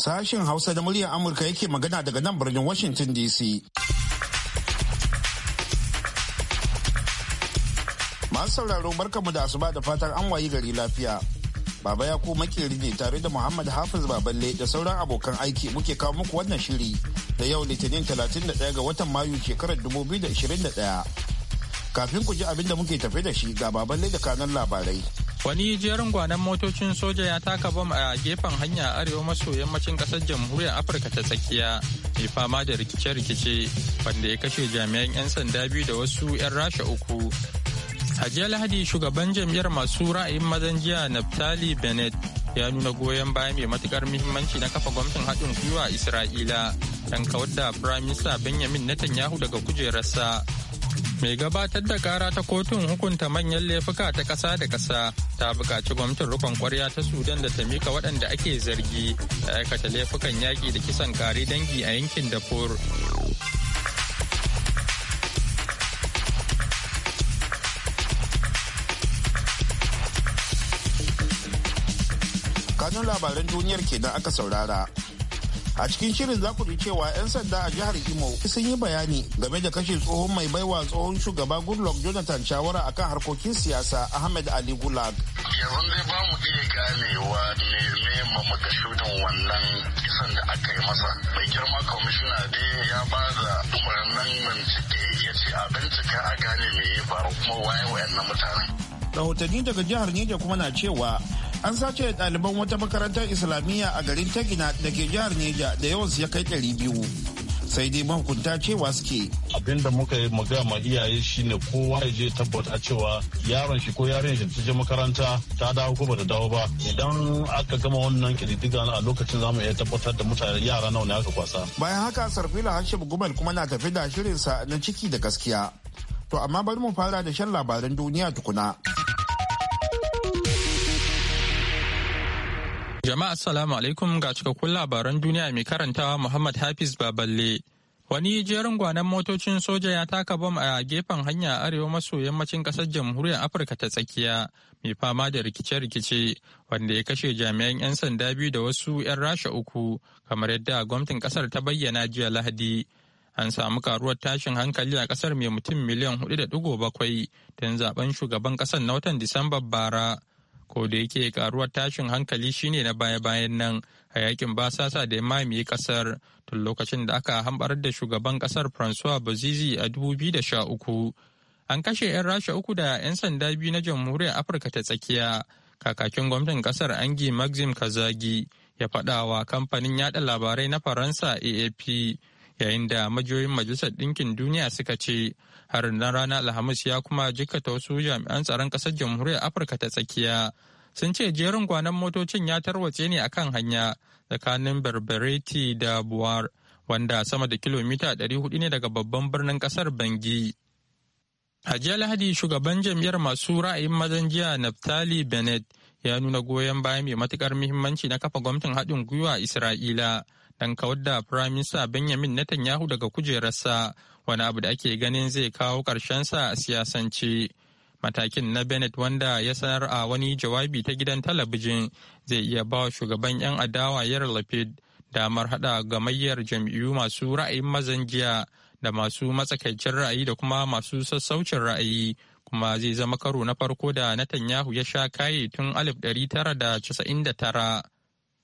Sashen Hausa da muryar Amurka yake magana daga nan birnin Washington DC. Masu sauraro barkamu da asuba da fatan an wayi gari lafiya. Baba ya ko makeri ne tare da Muhammad Hafiz Baballe da sauran abokan aiki muke kawo muku wannan shiri da yau Litinin 31 ga watan Mayu shekarar 2021. Kafin ku ji abin da muke tafe da shi ga Baballe da kanan labarai. wani jerin gwanan motocin soja ya taka bam a gefen hanya a arewa maso yammacin kasar jamhuriyar afirka ta tsakiya mai fama da rikice-rikice wanda ya kashe jami'an 'yan sanda biyu da wasu 'yan rasha uku a jiya lahadi shugaban jam'iyyar masu ra'ayin mazan jiya naftali bennett ya nuna goyon baya mai matukar muhimmanci na kafa gwamnatin haɗin gwiwa isra'ila dan kawar da prime minister benjamin netanyahu daga kujerarsa mai gabatar da kara ta kotun hukunta manyan laifuka ta ƙasa da ƙasa ta buƙaci gwamnatin rukun kwarya ta sudan da ta mika waɗanda ake zargi da aikata laifukan yaƙi da kisan kare dangi a yankin dafur kanun labaran duniyar kenan aka saurara a cikin shirin za ku ji cewa 'yan sanda a jihar imo sun yi bayani game da kashe tsohon mai baiwa tsohon shugaba goodluck jonathan shawara akan harkokin siyasa ahmed ali gulag yanzu dai ba mu iya ganewa ne ma makashudin wannan kisan da aka yi masa mai girma kwamishina dai ya ba da umarnin bincike ya ce a bincika a gane me ya faru kuma waye na mutane rahotanni daga jihar Niger kuma na cewa an sace ɗaliban wata makarantar islamiyya a garin tagina da ke jihar neja da yawansu ya kai ɗari biyu sai dai mahukunta cewa suke abinda muka yi magana iyaye shine kowa ya je tabbata cewa yaron shi ko yaron shi ta je makaranta ta dawo ko bata dawo ba idan aka gama wannan kididdiga a lokacin zamu iya tabbatar da mutane yara nawa ne aka kwasa bayan haka sarfila hashim gumal kuma na tafi da shirinsa na ciki da gaskiya to amma bari mu fara da shan labaran duniya tukuna Jama'a Assalamu alaikum ga cikakkun labaran duniya mai karantawa Muhammad Hafiz Baballe. Wani jerin gwanon motocin soja ya taka bom a gefen hanya arewa maso yammacin kasar jamhuriyar Afirka ta tsakiya mai fama da rikice-rikice wanda ya kashe jami'an 'yan sanda biyu da wasu 'yan rasha uku kamar yadda gwamnatin kasar ta bayyana jiya lahadi. An samu karuwar tashin hankali a kasar mai mutum miliyan 4.7 don zaben shugaban kasar na watan disamba bara ko da yake karuwar tashin hankali shine na baya-bayan nan a yakin basasa da ya mamaye kasar tun lokacin da aka hambar da shugaban kasar francois bazizi a 2013 an kashe 'yan rasha uku da 'yan sanda biyu na jamhuriyar afirka ta tsakiya kakakin gwamnatin kasar angi maxim kazagi ya faɗa kamfanin yada labarai na faransa aap yayin da majiyoyin majalisar ɗinkin duniya suka ce harin na ranar alhamis ya kuma jikkata wasu jami'an tsaron ƙasar jamhuriyar afirka ta tsakiya sun ce jerin gwanon motocin ya tarwatse ne akan hanya tsakanin berbereti da buwar wanda sama da kilomita 400 ne daga babban birnin ƙasar bangi hajiya lahadi shugaban jam'iyyar masu ra'ayin mazan jiya naftali bennett ya nuna goyon baya mai matukar muhimmanci na kafa gwamnatin haɗin gwiwa isra'ila dan kawar da firaminista benjamin netanyahu daga kujerarsa wani abu da ake ganin zai kawo sa a siyasance matakin na bennett wanda ya sanar a wani jawabi ta gidan talabijin zai iya ba shugaban 'yan adawa yar lapid damar hada gamayyar jam'iyyu masu ra'ayin mazan jiya da masu matsakaicin ra'ayi da kuma masu sassaucin ra'ayi kuma zai zama karo na farko da netanyahu ya sha kaye tun 1999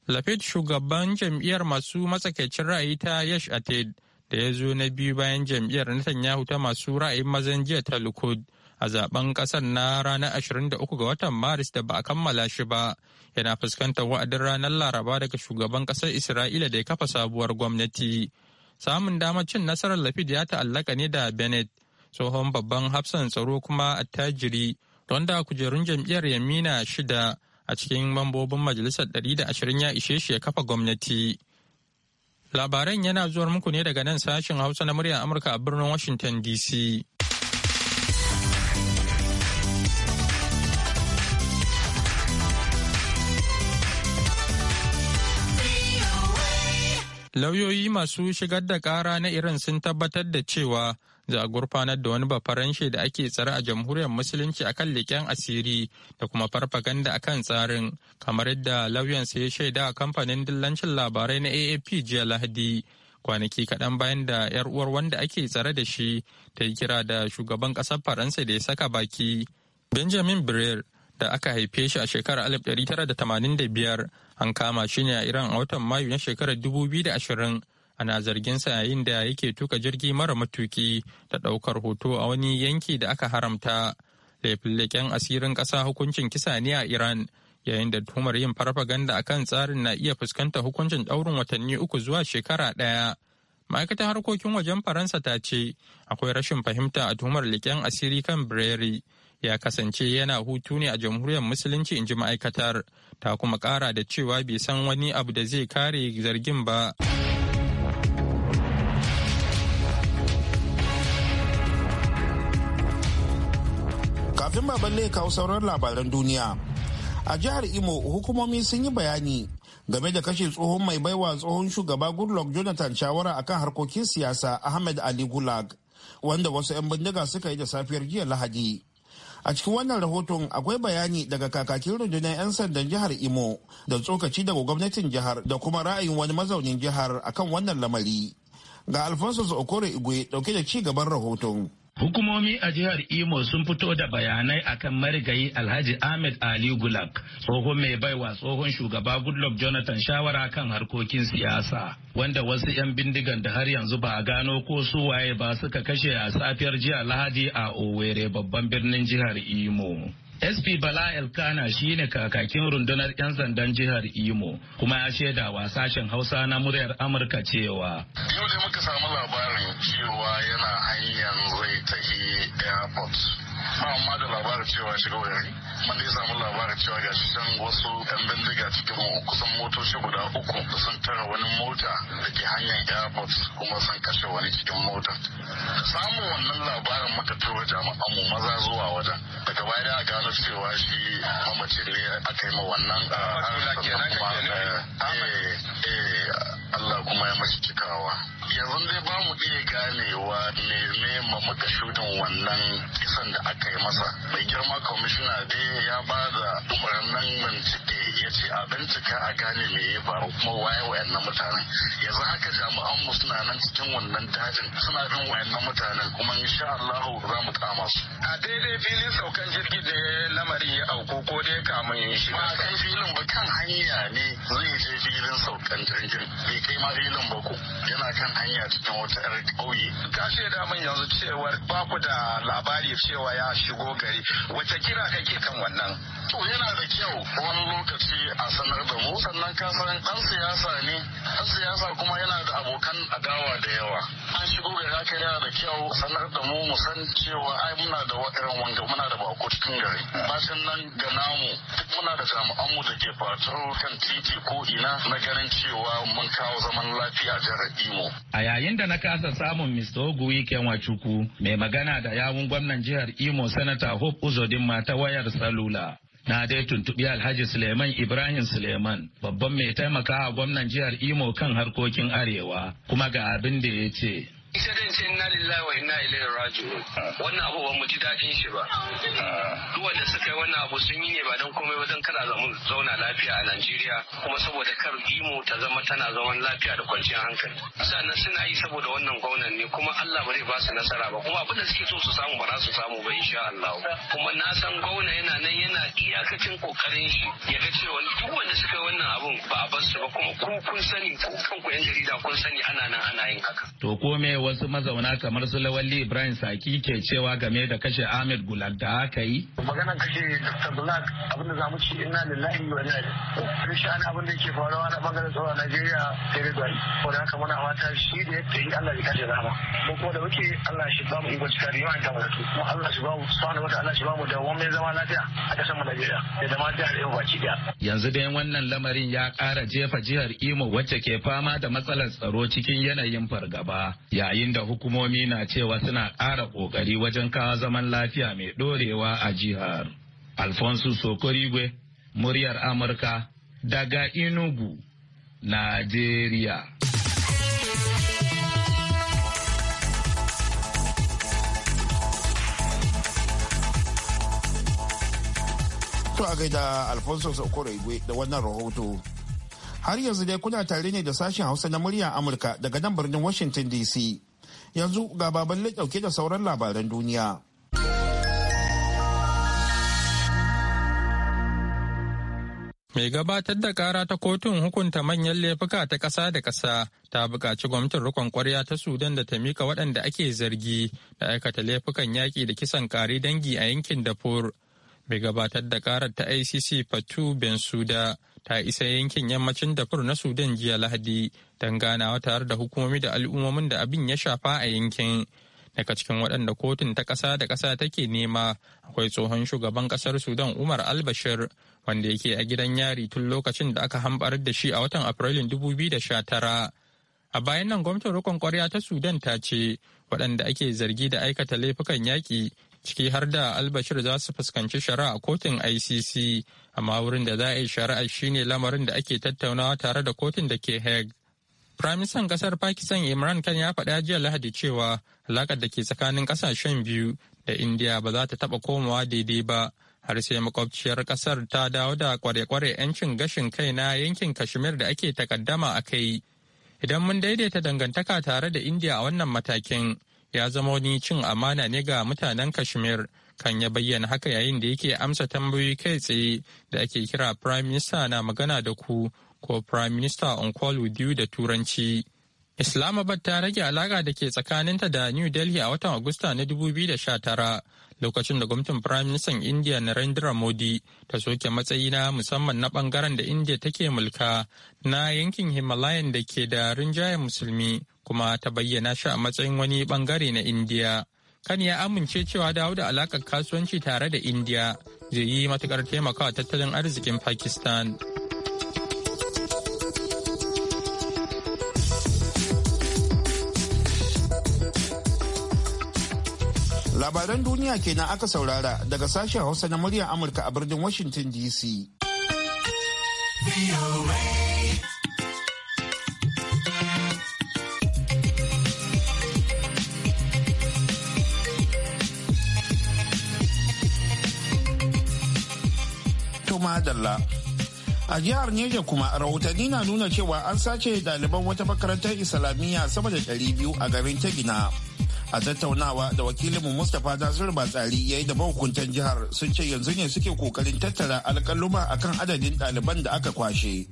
Lafit shugaban jam'iyyar masu matsakaicin ra'ayi ta Yesh Ated da ya zo na biyu bayan jam'iyyar Netanyahu ta masu ra'ayin mazan jiya ta Likud a zaben kasar na ranar 23 ga watan Maris da ba a kammala shi ba yana fuskantar wa'adin ranar Laraba daga shugaban kasar Isra'ila da ya kafa sabuwar gwamnati. Samun damar cin nasarar Lafit ya ta'allaka ne da Bennett tsohon babban hafsan tsaro kuma attajiri don da kujerun jam'iyyar Yamina shida a cikin mambobin majalisar 120 ya ishe shi ya kafa gwamnati. Labaran yana zuwa muku ne daga nan sashen Hausa na muryar Amurka a birnin Washington DC. Lauyoyi masu shigar da ƙara na Iran sun tabbatar da cewa za a gurfanar da wani bafaranshe da ake tsare a jamhuriyar musulunci a kan leƙen asiri da kuma farfaganda kan tsarin kamar yadda lauyansa ya shaida a kamfanin dillancin labarai na AAP jiya Lahadi. kwanaki kaɗan bayan da 'yar uwar wanda ake tsare da shi ta yi kira da shugaban ƙasar faransa da ya saka baki benjamin brer da aka haife shi a shekarar 1985 an kama shi ne a Iran a watan Mayu na shekarar 2020 ana zarginsa yayin da yake tuka jirgi mara matuki da ɗaukar hoto a wani yanki da aka haramta. Laifin asirin ƙasa hukuncin kisa ne a Iran yayin da tuhumar yin farfaganda a kan tsarin na iya fuskanta hukuncin daurin watanni uku zuwa shekara daya Ma'aikatar harkokin wajen Faransa ta ce akwai rashin fahimta a tuhumar leƙen asiri kan Breri. ya kasance yana hutu ne a jamhuriyar musulunci in ji ma'aikatar ta kuma kara da cewa bai san wani abu da zai kare zargin ba kafin baban ya kawo sauran labaran duniya a jihar imo hukumomi sun yi bayani game da kashe tsohon mai baiwa tsohon shugaba goodluck jonathan shawara akan harkokin siyasa ahmed ali gulag wanda wasu 'yan bindiga suka yi da safiyar jiya lahadi A cikin wannan rahoton akwai bayani daga kakakin rundunar 'yan sandan jihar Imo da tsokaci daga gwamnatin jihar da kuma ra'ayin wani mazaunin jihar akan wannan lamari. Ga Alfonso Okoro Igwe dauke da ci gaban rahoton. Hukumomi a jihar Imo sun fito da bayanai akan marigayi Alhaji Ahmed Ali Gulak, tsohon mai baiwa tsohon shugaba Goodluck Jonathan shawara kan harkokin siyasa, wanda wasu 'yan bindigan da har yanzu ba a gano ko su waye ba suka kashe a safiyar jiya Lahadi a Owerri babban birnin jihar Imo. SP Bala Elkana shine kakakin rundunar 'yan sandan jihar Imo kuma ya shaida wa sashen Hausa na muryar Amurka cewa. Yau da muka samu labarin cewa yana hanyar zai tafi airport ba da labarin cewa shiga gari mun dai samu labarin cewa ga shi can wasu yan bindiga cikin kusan motoci guda uku da sun tara wani mota da ke hanyar airport kuma sun kashe wani cikin mota samun wannan labarin muka tura jama'an mu maza zuwa wajen daga baya da gano cewa shi mamaci ne aka yi ma wannan ah, eh, eh, eh, Allah kuma ya mashi cikawa yanzu dai ba mu iya ganewa ne ne mamakashudin wannan kisan da aka yi masa mai girma kwamishina dai ya ba da umarnin bincike ya ce a bincika a gane me ya faru kuma waye wayannan mutanen yanzu haka jami'an mu suna nan cikin wannan dajin suna bin wayannan mutanen kuma insha Allah za mu kama su a daidai filin saukan jirgin da ya lamari ya auku ko dai kamun shi ba kan filin ba kan hanya ne zai je filin saukan jirgin bai kai ma filin ba ko yana kan hanya cikin wata yar kauye ka shaida min yanzu cewar ba ku da labari cewa ya shigo gari wace kira kake kan wannan to yana da kyau wani lokaci shi a sanar da mu sannan kasan ɗan siyasa ne ɗan siyasa kuma yana da abokan adawa da yawa an shigo ga aka yana da kyau sanar da mu mu san cewa ai muna da irin wanga muna da bako cikin gari bacin nan ga namu duk muna da jami'an mu da ke fatar kan titi ko ina na ganin cewa mun kawo zaman lafiya a jihar Imo a yayin da na kasa samun Mr. Ogu Kenwachuku mai magana da yawun gwamnan jihar Imo Sanata Hope Uzodinma ta wayar salula Na dai tuntuɓi Alhaji Suleiman Ibrahim Suleiman babban mai taimakawa gwamnan jihar Imo kan harkokin Arewa kuma ga abin da ya ce. ita dan ce inna lillahi wa inna ilaihi raji'un ah. wannan abu ba mu ji daɗin shi ba ah. duk wanda suka yi wannan abu sun yi ne ba dan komai ba dan kada zamu zauna lafiya a Najeriya kuma saboda kar imo ta zama tana zaman lafiya da kwanciyar hankali sannan suna yi saboda wannan gwamnan ne kuma Allah ba zai ba su nasara ba kuma abin da suke so su samu ba za su samu ba insha Allah kuma na san gwamna yana nan yana iyakacin kokarin shi ya ga cewa duk wanda suka yi wannan abun ba a ba kuma ku kun sani ku kanku yan jarida kun sani ana nan ana yin haka to ko wasu mazauna kamar su Lawalli Ibrahim Saki ke cewa game da kashe Ahmed Gulag da aka yi. Maganar kashe Dr. Gulag abinda za mu ci inna lillahi wa inna ilaihi sha'ani abin da ke faruwa na bangaren tsaro a Najeriya sai da dai. Wanda haka muna fata shi da yadda yi Allah ya kashe rahama. Mu kuma da muke Allah shi ba mu iko cika da yawan tabbatu. Mu Allah shi ba mu subhanahu wata Allah shi ba mu da wannan zama lafiya a kasar mu Najeriya da zama jihar Imo baki daya. Yanzu dai wannan lamarin ya kara jefa jihar Imo wacce ke fama da matsalar tsaro cikin yanayin fargaba. Ya yayin da hukumomi na cewa suna ƙara ƙoƙari wajen kawo zaman lafiya mai ɗorewa a jihar. Alfonso Sokorigwe, muryar Amurka, daga Inugu, Najeriya. To a gaida Alfonso Sokorigwe da wannan rahoto. Har yanzu dai kuna tare ne da sashen Hausa na murya Amurka daga nan birnin Washington DC. Yanzu ga baballe dauke da sauran labaran duniya. Mai gabatar da kara ta kotun hukunta manyan laifuka ta ƙasa da ƙasa ta buƙaci gwamnatin rikon kwarya ta Sudan da ta mika waɗanda ake zargi da aikata laifukan yaƙi da kisan kari dangi a yankin dafur Mai gabatar da karar ta ICC Fatu suda. ta isa yankin yammacin dafur na Sudan jiya Lahadi don ganawa tare da hukumomi da al'ummomin da abin ya shafa a yankin. Daga cikin waɗanda kotun ta ƙasa da ƙasa take nema akwai tsohon shugaban ƙasar Sudan Umar al-Bashir wanda yake a gidan yari tun lokacin da aka hambar da shi a watan Afrilun 2019. A bayan nan gwamnatin rikon ƙwarya ta Sudan ta ce waɗanda ake zargi da aikata laifukan yaƙi ciki har da albashir za su fuskanci shari'a a kotun icc amma wurin da za a yi shari'a shine lamarin da ake tattaunawa tare da kotun da ke hague Firaministan kasar Pakistan Imran Khan ya faɗa jiya Lahadi cewa alaƙar da ke tsakanin ƙasashen biyu da Indiya ba za ta taɓa komawa daidai ba har sai makwabciyar ƙasar ta dawo da kware-kware 'yancin gashin kai na yankin Kashmir da ake takaddama a kai. Idan mun daidaita dangantaka tare da Indiya a wannan matakin, ya zama wani cin amana ne ga mutanen kashmir kan ya bayyana haka yayin da yake amsa tambayoyi kai tsaye da ake kira prime minister na magana da ku ko prime minister on call with you da turanci islamabad ta rage alaka da ke tsakaninta da new delhi a watan agusta na 2019 lokacin da gwamnatin prime minister india narendra modi ta soke matsayi na musamman na bangaren da india take mulka na yankin himalayan da ke da rinjayen musulmi kuma ta bayyana shi a matsayin wani bangare na indiya kan ya amince cewa dawo da alakar kasuwanci tare da indiya zai yi matukar taimakawa tattalin arzikin pakistan labaran duniya kenan aka saurara daga sashen hausa na muryar amurka a birnin washington dc madalla a jihar neja kuma rahotanni na nuna cewa an sace ɗaliban wata makarantar islamiyya sama da biyu a garin tagina a tattaunawa da wakilinmu mustapha nasiru batsari ya yi da mahukuntan jihar sun ce yanzu ne suke kokarin tattara alkaluma akan adadin ɗaliban da aka kwashe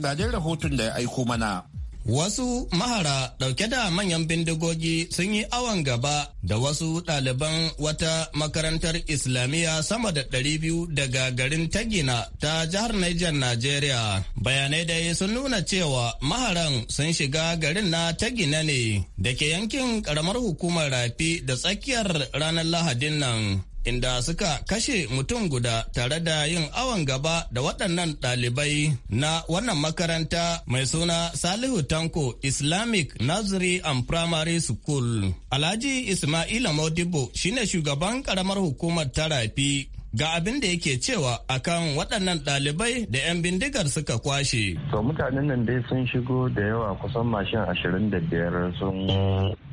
ga rahoton da ya aiko mana Wasu mahara ɗauke da manyan bindigogi sun yi awon gaba da wasu ɗaliban wata makarantar Islamiyya sama da ɗari biyu daga garin Tagina ta jihar Niger Najeriya. Bayanai dai sun nuna cewa maharan sun shiga garin na Tagina ne da ke yankin ƙaramar hukumar rafi da tsakiyar ranar Lahadin nan. inda suka kashe mutum guda tare da yin awon gaba da waɗannan ɗalibai na wannan makaranta mai suna Salihu Tanko Islamic Nursery and Primary School. Alhaji Ismaila Modibo shine shugaban ƙaramar hukumar Tarafi ga abin da yake cewa akan waɗannan ɗalibai da 'yan bindigar suka kwashe. To mutanen nan dai sun shigo da yawa kusan mashin ashirin da biyar sun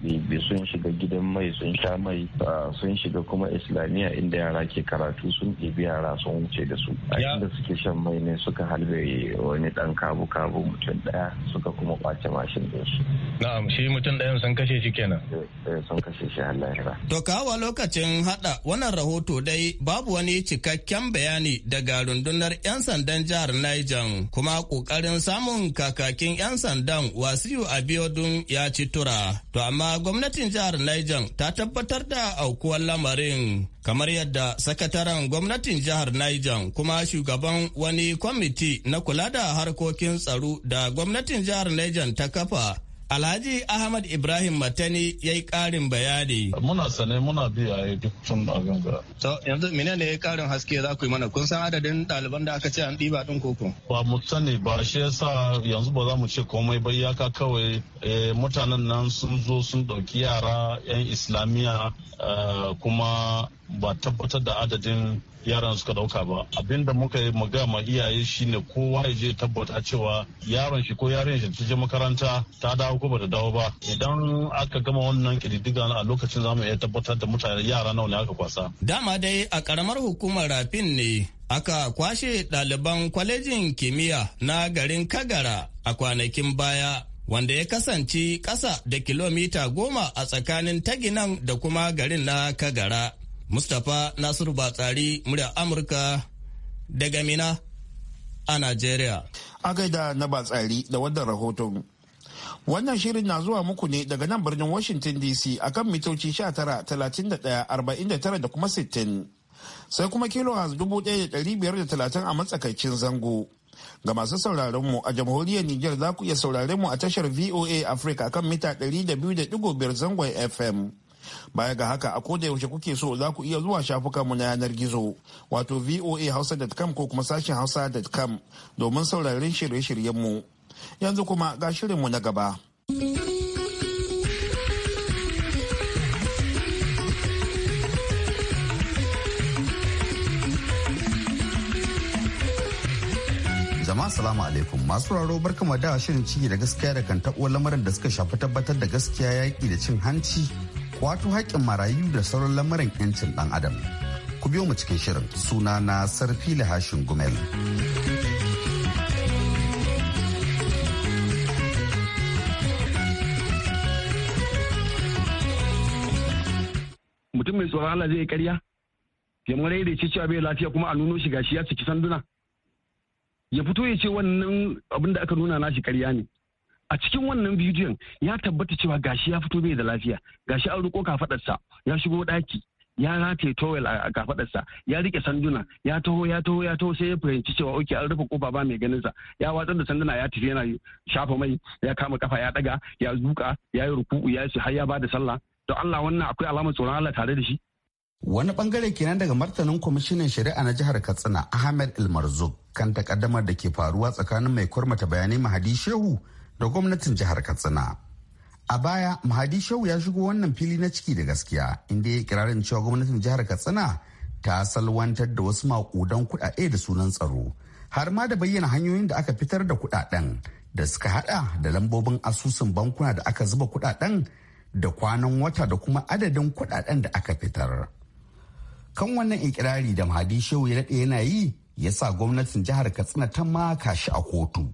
bi sun shiga gidan mai sun sha mai sun shiga kuma islamiyya inda yara ke karatu sun ɗibi yara sun wuce da su. A inda suke shan mai ne suka halbe wani ɗan kabu kabu mutum ɗaya suka kuma kwace mashin da su. Na'am shi mutum ɗayan sun kashe shi kenan. Eh, eh, sun kashe shi Allah ya To kawo lokacin haɗa wannan rahoto dai babu wani wani cikakken bayani daga rundunar 'yan sandan jihar Niger kuma ƙoƙarin samun kakakin 'yan sandan Wasiu Abiodun ya ci tura. To amma gwamnatin jihar Niger ta tabbatar da aukuwar lamarin. kamar yadda sakataren gwamnatin jihar Niger kuma shugaban wani kwamiti na kula da harkokin tsaro da gwamnatin jihar Niger ta kafa Alhaji Ahmad Ibrahim Matani ya yi ƙarin bayani. Muna sane muna biya ya duk sun abin ga. yanzu mene ne ya yi ƙarin haske za ku yi mana kun san adadin ɗaliban da aka ce an ɗiba ɗin koko? Ba mu sani ba shi yasa yanzu ba za mu ce komai ba iyaka kawai eh, mutanen nan sun zo sun ɗauki yara 'yan Islamiyya eh, kuma ba tabbatar da adadin yaran suka dauka ba abinda muka yi magama iyaye shine kowa ya je tabbata cewa yaron shi ko yaron shi ta je makaranta ta dawo ko bata dawo ba idan aka gama wannan kididdiga a lokacin zamu iya tabbatar da mutane yara nawa ne aka kwasa dama dai a karamar hukumar rafin ne aka kwashe ɗaliban kwalejin kimiyya na garin kagara a kwanakin baya wanda ya kasance ƙasa da kilomita goma a tsakanin taginan da kuma garin na kagara Mustapha Nasiru Batsari murya Amurka daga Mina a Najeriya. A gaida na Batsari da wannan rahoton. Wannan shirin na zuwa muku ne daga nan birnin Washington DC akan mitoci 19, 31, 49 da kuma 60. sai kuma kilo biyar da a matsakaicin zango. Ga masu sauraron mu a jamhuriyar Nijar za ku iya sauraren mu a tashar VOA Africa kan mita 200.5 zangon FM. Baya ga haka a koda yaushe kuke so za ku iya zuwa shafukanmu na yanar gizo wato voahausa.com ko kuma sashen hausa.com domin sauraron shirye-shiryenmu. Yanzu kuma ga shirinmu na gaba. jama'a salamu alaikum masu raro barkama da shirin ciki da gaskiya da kan taɓo lamarin da suka shafi tabbatar da gaskiya yaƙi da cin hanci kwato haƙƙin marayu da sauran lamarin 'yancin ɗan adam ku biyo mu cikin shirin suna na sarfi hashin gumel mutum mai tsoron Allah zai yi karya ya mara da cewa bai lafiya kuma a nuno shi gashi ya ciki sanduna ya fito ya ce wannan abin da aka nuna nashi karya ne a cikin wannan bidiyon ya tabbata cewa gashi ya fito bai da lafiya gashi an riko kafadarsa ya shigo daki ya rataye towel a kafadarsa ya rike sanduna ya taho ya taho ya taho sai ya fahimci cewa oke an rufe kofa ba mai ganin sa ya watsar da sanduna ya tafi yana shafa mai ya kama kafa ya daga ya duka ya yi ruku'u ya yi har ya bada sallah to Allah wannan akwai alamar tsoron Allah tare da shi Wani bangare kenan daga martanin kwamishinan shari'a na jihar Katsina Ahmed Ilmarzuk kan takaddamar da ke faruwa tsakanin mai kwarmata bayanai Mahadi Shehu da gwamnatin jihar Katsina. A baya, Mahadi Shehu ya shigo wannan fili na ciki da gaskiya inda ya kirarin cewa gwamnatin jihar Katsina ta salwantar da wasu maƙudan kuɗaɗe da sunan tsaro, har ma da bayyana hanyoyin da aka fitar da kuɗaɗen da suka haɗa da lambobin asusun bankuna da aka zuba kuɗaɗen da kwanan wata da kuma adadin kuɗaɗen da aka fitar. Kan wannan ikirari da Mahadi Shehu ya daɗe yana yi ya sa gwamnatin jihar Katsina ta maka shi a kotu.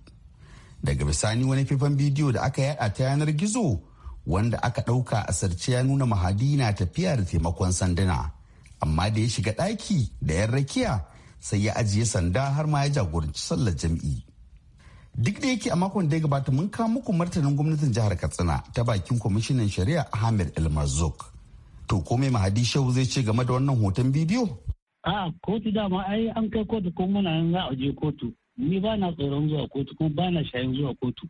daga bisani wani faifan bidiyo da aka yada ta yanar gizo wanda aka ɗauka a sarce ya nuna mahadi na tafiya da taimakon sanduna amma da ya shiga ɗaki da yan rakiya sai ya ajiye sanda har ma ya jagoranci sallar jam'i duk da yake a makon da ya gabata mun kawo muku martanin gwamnatin jihar katsina ta bakin kwamishinan shari'a ahmed el to ko mai mahadi shehu zai ce game da wannan hoton bidiyo a kotu dama ai an kai kotu ko muna za a je kotu ni ba na tsoron zuwa kotu kuma ba na shayin zuwa kotu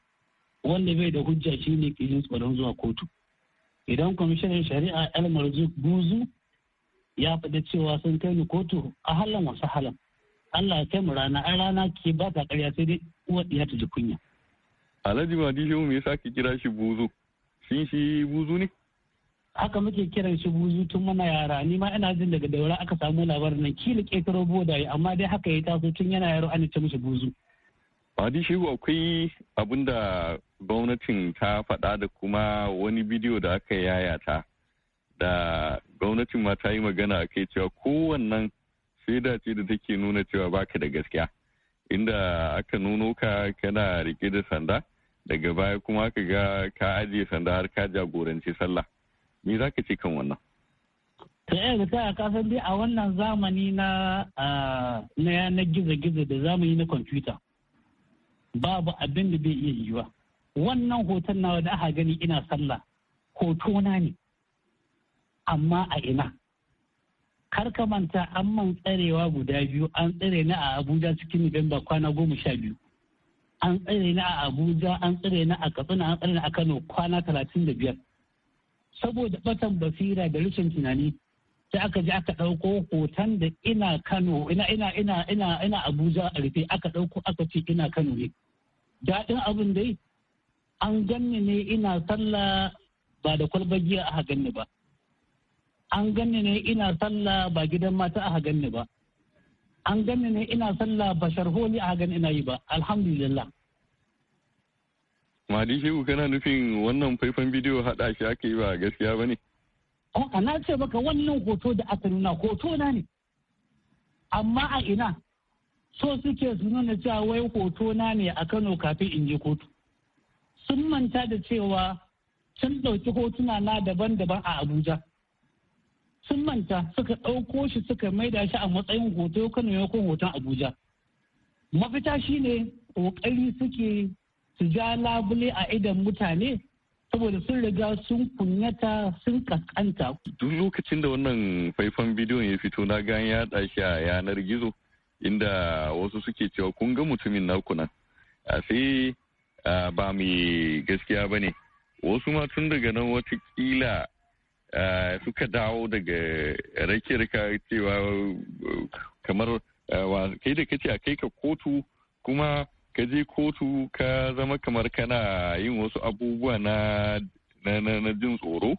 wanda bai da hujja shi ne ke tsoron zuwa kotu idan kwamishinan shari'a almarzu buzu ya faɗi cewa sun kai ni kotu a halin wasu halin allah ya kai mu rana a rana ke ba ta karya sai dai uwar ɗiya ta ji kunya alhaji shehu me yasa ki kira shi buzu shin shi buzu ne haka muke kiran shi buzu tun muna yara ni ma ina jin daga daura aka samu labarin nan kila ƙetaro boda amma dai haka ya taso tun yana yaro an ce mishi buzu di shi akwai abin da gwamnatin ta faɗa da kuma wani bidiyo da aka yayata da gwamnatin ma ta yi magana a kai cewa kowannan shaida ce da take nuna cewa baka da gaskiya inda aka nuno ka kana rike da sanda daga baya kuma aka ga ka ajiye sanda har ka jagoranci sallah me za ka ce kan wannan ta yi eh, ta kasan dai a wannan zamani na na yanar gizo-gizo da zamani na kwamfuta babu abin da bai iya yiwa wannan hoton na da aka gani ina sallah hoto na ne amma a ina kar ka manta an man tsarewa guda biyu an tsare ni a abuja cikin nuwamba kwana goma sha biyu an tsare ni a abuja an tsare ni a katsina an tsare ni a kano kwana talatin da biyar saboda batan basira da rashin tunani sai aka je aka ɗauko hoton da ina kano ina ina ina ina ina abuja a rufe aka ɗauko aka ce ina kano ne daɗin abin dai an ganni ne ina sallah ba da kwalbar giya aka ganni ba an ganni ne ina sallah ba gidan mata aka ganni ba an ganni ne ina sallah ba sharholi aka ganni ina yi ba alhamdulillah madi Shehu kana nufin wannan faifan bidiyo haɗa shi aka yi ba gaskiya ba ne? A'a na ce baka wannan hoto da aka nuna hoto na ne. Amma a ina so suke su nuna cewa wai hoto na ne a Kano kafin in je kotu. Sun manta da cewa sun ɗauki hotuna na daban-daban a Abuja. Sun manta suka ɗauko shi suka maida shi a matsayin hoto Kano yakon hoton Abuja. Mafita shine ƙoƙari suke su ja labule a idan mutane saboda sun riga sun kunyata sun kankanta. Duk lokacin da wannan faifan bidiyon ya fito na gan ya a yanar gizo inda wasu suke cewa kun ga mutumin naku nan. A sai ba mai gaskiya ba ne. Wasu ma tun daga nan watakila suka dawo daga rake-raka cewa kamar kai da kace a kai ka kotu kuma ka je kotu ka zama kamar kana yin wasu abubuwa na na jin tsoro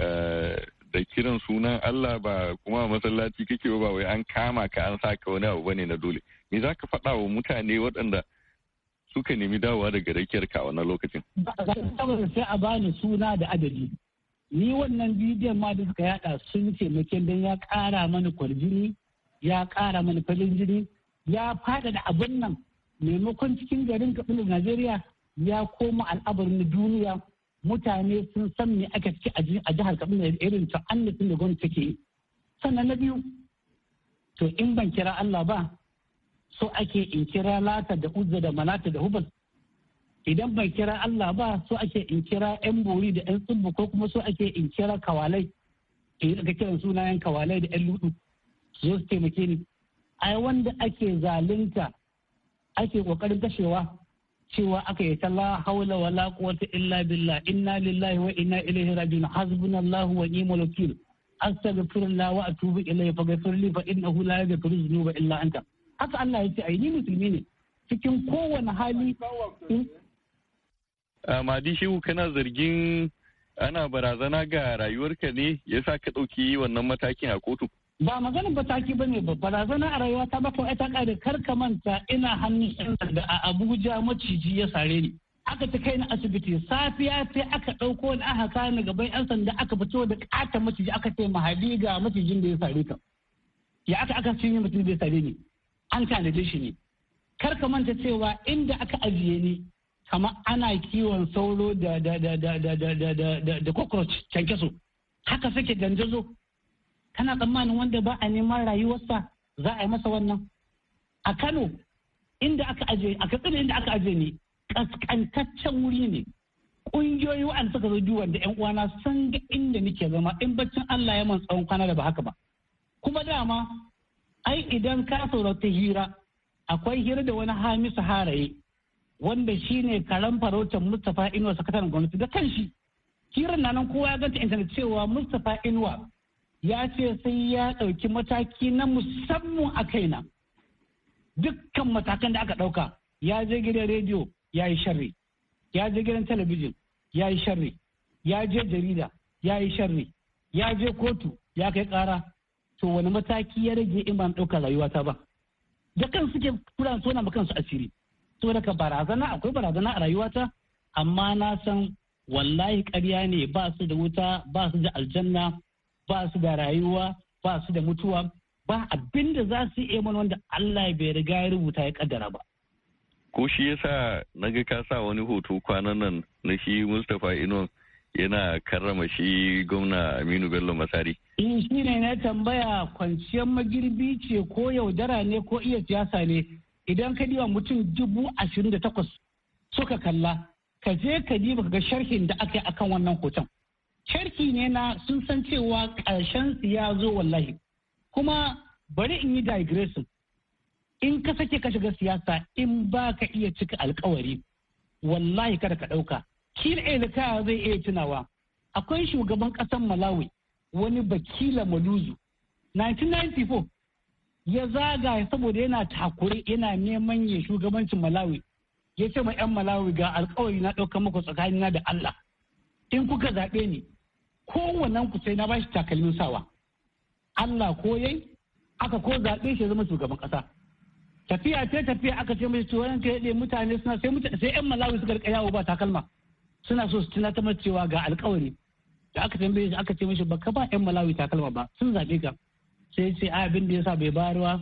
eh, da kiran sunan Allah ba kuma masallaci kake ba wai an kama ka an saka wani abu bane na dole me za ka faɗa wa mutane waɗanda suka nemi dawowa daga rakiyar ka wannan lokacin sai a bani suna da adadi ni wannan bidiyon ma da suka yada sun ce makin dan ya ƙara mana kwarjini ya ƙara mana farin jini ya da abin nan maimakon cikin garin da najeriya ya koma al'abarin duniya mutane sun san me aka ci a jihar da irin ta nufin da gwamnati take sannan na biyu to in ban kira allah ba so ake in kira lata da uzza da malata da hubal idan ban kira allah ba so ake in kira yan bori da yan tsibbu ko kuma so ake in kira kawalai eh, in daga kiran sunayen kawalai da yan ludu zo su taimake ni ai wanda ake zalunta ake kokarin kashewa cewa aka yi la haula wala quwwata illa billah inna lillahi wa inna ilaihi rajiun hasbunallahu wa ni'mal wakil astaghfirullah wa atubu ilayhi faghfir li fa innahu la yaghfiru dhunuba illa anta haka Allah ya ce ai ni musulmi ne cikin kowane hali hmm? ah, Madi shi kana zargin ana barazana ga rayuwarka ne yasa ka dauki wannan matakin a kotu? ba maganin bataki bane ba barazana a rayuwa ta bako ita kare kar ka manta ina hannun yan sanda a Abuja maciji ya sare ni aka ta kai ni asibiti safiya sai aka ɗauko ni aka ni gaban yan sanda aka fito da ƙata maciji aka ce mahadi ga macijin da ya sare ka ya aka aka cinye mutum da ya sare ni an tanade shi ne kar ka manta cewa inda aka ajiye ni kama ana kiwon sauro da da da da da da da da da da kyankyaso haka suke da kana tsammanin wanda ba a neman rayuwarsa za a yi masa wannan a kano inda aka aje a katsina inda aka aje ne kaskantaccen wuri ne ƙungiyoyi wa'anda suka zo duwan da yan uwana san ga inda nake zama in baccin Allah ya man tsawon kwana da ba haka ba kuma dama ai idan ka saurata hira akwai hira da wani hamisu haraye wanda shine Karen farautar Mustapha Inuwa sakataren gwamnati da kanshi hirar na nan kowa ya ganta intanet cewa Mustapha Inuwa ya ce sai ya ɗauki mataki na musamman a kaina dukkan matakan da aka ɗauka ya je gidan rediyo ya yi sharri ya je gidan talabijin ya yi sharri ya je jarida ya yi sharri ya je kotu ya kai ƙara to wani mataki ya rage in ɗauka rayuwata ba da kan suke kula suna ma kansu asiri to daga barazana akwai barazana a rayuwata amma na san wallahi ƙarya ne ba su da wuta ba su da aljanna ba su da rayuwa ba su da mutuwa ba abin da za su iya mana wanda Allah bai riga ya rubuta ya kaddara ba. Ko shi yasa na ga ka sa wani hoto kwanan nan na shi Mustapha ino yana karrama shi gwamna Aminu Bello Masari. In shi ne na tambaya kwanciyar magirbi ce ko yaudara ne ko iya siyasa ne idan ka diwa mutum dubu ashirin da takwas suka kalla ka je ka diba ka ga sharhin da aka yi akan wannan hoton. Cherki ne na sun san cewa ƙarshen ya zo wallahi kuma bari in yi digressin in ka sake ka shiga siyasa in ba ka iya cika alkawari wallahi kada ka ɗauka kila elika zai iya tunawa akwai shugaban ƙasar malawi wani bakila maluzu 1994 ya zaga saboda yana takure yana neman ya shugabancin malawi ya ce ma 'yan malawi ga alkawari na ɗaukar muku tsakanina da allah in kuka zaɓe ni kowannen ku sai na bashi takalmin sawa Allah ko yai aka ko zaɓe shi zama shugaban ƙasa tafiya ce tafiya aka ce mai tuwayen ka yaɗe mutane suna sai mutane sai yan malawi suka rika yawo ba takalma suna so su tunatar cewa ga alkawari da aka tambaye shi aka ce shi ba ka ba yan malawi takalma ba sun zaɓe ka sai ce a abin da yasa bai bayarwa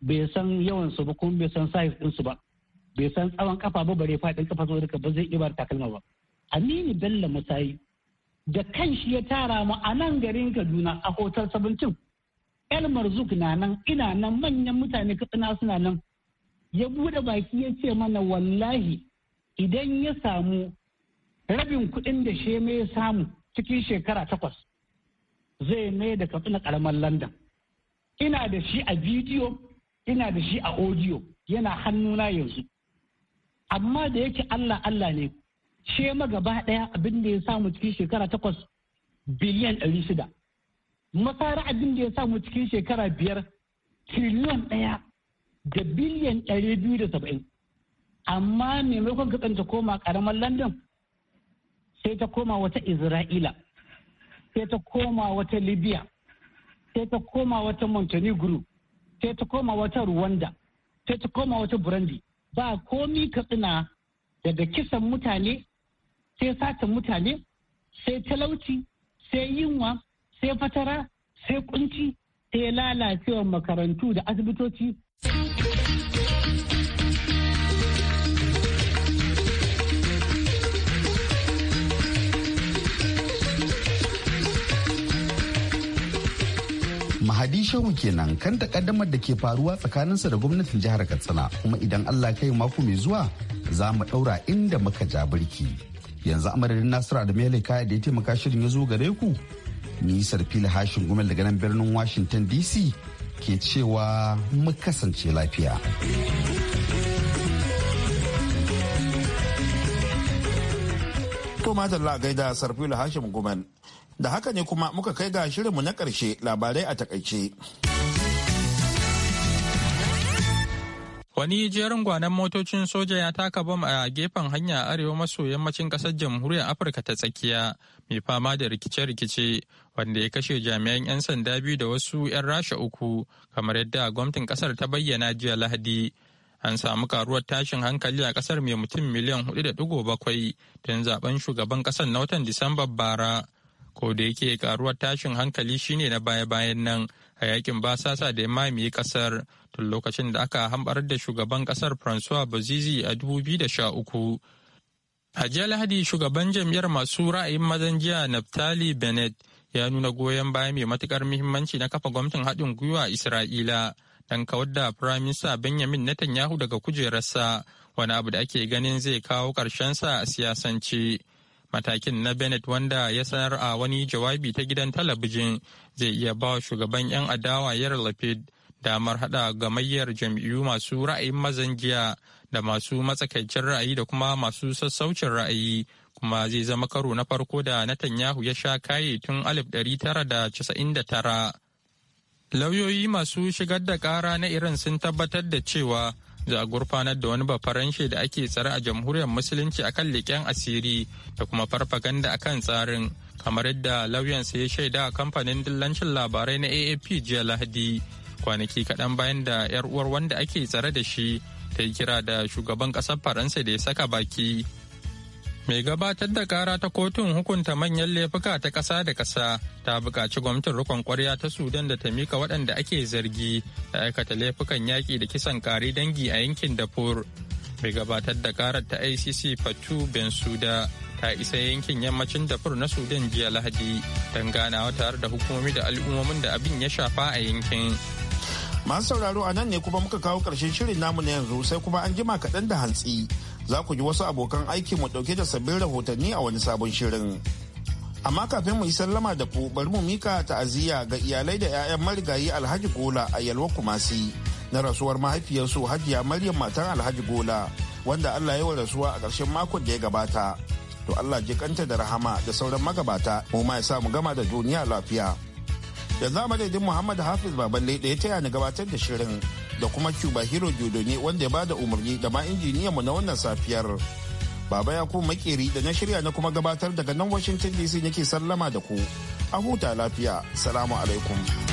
bai san yawan su ba kuma bai san size din su ba bai san tsawon kafa ba bare faɗin kafa so ba zai iya ba takalma ba amini bello musayi da kan shi ya tara mu a nan garin Kaduna a hotel 17 El Marzuk na nan ina nan manyan mutane Kaduna suna nan ya bude baki ya ce mana wallahi idan ya samu rabin kuɗin da sheme ya samu cikin shekara takwas zai mai da Kaduna karamar Landan. ina da shi a bidiyo ina da shi a audio yana hannuna yanzu amma da yake Allah Allah ne ce ma gaba ɗaya abin da ya samu cikin shekara takwas biliyan ɗari shida masara abin da ya samu cikin shekara biyar triliyon ɗaya da biliyan ɗari biyu da saba'in amma maimakon katsan ta koma ƙaramar london sai ta koma wata isra'ila sai ta koma wata libya sai ta koma wata montenegro sai ta koma wata rwanda sai ta koma wata burundi ba komi katsina daga kisan mutane sai satan mutane sai talauci sai yunwa sai fatara sai kunci sai lalacewar makarantu da asibitoci Mahadi Shehu kenan kan takaddamar da ke faruwa tsakaninsa da gwamnatin jihar Katsina kuma idan Allah kai mako mai zuwa za mu ɗaura inda muka ja birki. yanzu amadadin nasiru adamele kaya da ya taimaka shirin ya zo gare ku ni sarfila hashin gumel daga nan birnin washington dc ke cewa mu kasance lafiya to madalla gaida sarfila hashim gumel da haka ne kuma muka kai ga shirinmu na karshe labarai a takaice. Wani jerin gwanan motocin soja ya taka bam a gefen hanya a arewa maso yammacin ƙasar jamhuriyar Afirka ta tsakiya mai fama da rikice-rikice wanda ya kashe jami'an 'yan sanda biyu da wasu 'yan rasha uku kamar yadda gwamnatin ƙasar ta bayyana jiya Lahadi. An samu karuwar tashin hankali a ƙasar mai mutum miliyan 4.7 don zaben shugaban ƙasar na watan Disamba bara. Ko da yake karuwar tashin hankali shine na baya-bayan nan a yakin basasa da ya mamaye kasar tun lokacin da aka hambar da shugaban kasar francois bozizi a 2013 hajiya lahadi shugaban jam'iyyar masu ra'ayin mazan jiya naftali bennett ya nuna goyon baya mai matukar muhimmanci na kafa gwamnatin haɗin gwiwa isra'ila dan kawar da firaminista benjamin netanyahu daga kujerarsa wani abu da ake ganin zai kawo sa a siyasance matakin na bennett wanda ya sanar a wani jawabi ta gidan talabijin zai iya ba shugaban 'yan adawa yar lapid damar hada gamayyar jam'iyyu masu ra'ayin mazan jiya da masu matsakaicin ra'ayi da kuma masu sassaucin ra'ayi kuma zai zama karo na farko da Netanyahu ya sha kaye tun 1999. Lauyoyi masu shigar da kara na Iran sun tabbatar da cewa za a gurfanar da wani bafaranshe da ake tsare a jamhuriyar musulunci akan leƙen asiri da kuma farfaganda akan tsarin kamar yadda lauyansa ya shaida a kamfanin dillancin labarai na aap jiya lahadi kwanaki kaɗan bayan da 'yar uwar wanda ake tsare da shi ta yi kira da shugaban ƙasar faransa da ya saka baki mai gabatar da kara ta kotun hukunta manyan laifuka ta ƙasa da kasa ta buƙaci gwamnatin rukun ƙwarya ta sudan da ta mika waɗanda ake zargi da aikata laifukan yaƙi da kisan ƙari dangi a yankin dafur mai gabatar da karar ta icc fatu ben suda ta isa yankin yammacin dafur na sudan jiya lahadi don ganawa tare da hukumomi da al'ummomin da abin ya shafa a yankin masu sauraro a nan ne kuma muka kawo ƙarshen shirin namu na yanzu sai kuma an jima kaɗan da hantsi za ku ji wasu abokan aiki mu dauke da sabbin rahotanni a wani sabon shirin. Amma kafin mu yi sallama da ku bari mu mika ta'aziyya ga iyalai da 'ya'yan marigayi Alhaji Gola a Yalwa Kumasi na rasuwar mahaifiyarsu Hajiya Maryam matan Alhaji Gola wanda Allah ya wa rasuwa a ƙarshen makon da ya gabata. To Allah jikanta da rahama da sauran magabata mu ma ya sa mu gama da duniya lafiya. yanzu a madadin muhammad hafiz baballe da ya taya ni gabatar da shirin da kuma cuba hero jodo ne wanda ya bada umarni da ma mu na wannan safiyar baba ya ku makeri da na shirya na kuma gabatar daga nan washington dc nake sallama da ku a huta lafiya salamu alaikum